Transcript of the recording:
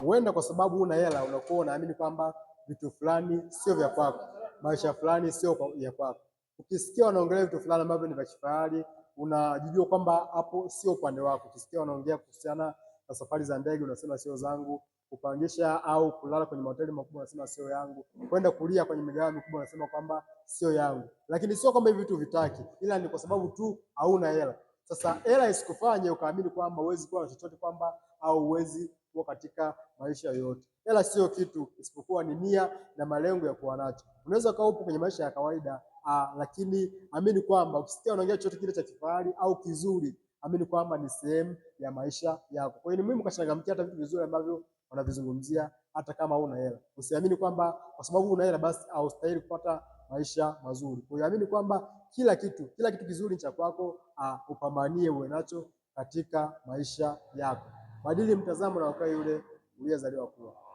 Huenda kwa sababu una hela, unakuwa unaamini kwamba vitu fulani sio vya kwako, maisha fulani sio ya kwako. Ukisikia wanaongelea vitu fulani ambavyo ni vya kifahari, unajijua kwamba hapo sio upande wako. Ukisikia wanaongea kuhusiana na safari za ndege, unasema sio zangu. Kupangisha au kulala kwenye mahoteli makubwa, unasema sio yangu. Kwenda kulia kwenye migawa mikubwa, unasema kwamba sio yangu. Lakini sio kwamba hivi vitu vitaki, ila ni kwa sababu tu hauna hela. Sasa hela isikufanye ukaamini kwamba uwezi kuwa na chochote, kwamba au uwezi kuwa katika maisha yote. Hela sio kitu, isipokuwa ni nia na malengo ya kuwa nacho. Unaweza kuwa upo kwenye maisha ya kawaida aa, ah, lakini amini kwamba ukisikia unaongea chochote kile cha kifahari au kizuri, amini kwamba ni sehemu ya maisha yako. Kwa hiyo ni muhimu ukachangamkia hata vitu vizuri ambavyo wanavizungumzia hata kama una hela. Usiamini kwamba kwa sababu una hela basi haustahili kupata maisha mazuri. Kwa hiyo amini kwamba kila kitu, kila kitu kizuri ni cha kwako, ah, upambanie uwe nacho katika maisha yako badili mtazamo na wakae yule uliyezaliwa kuwa.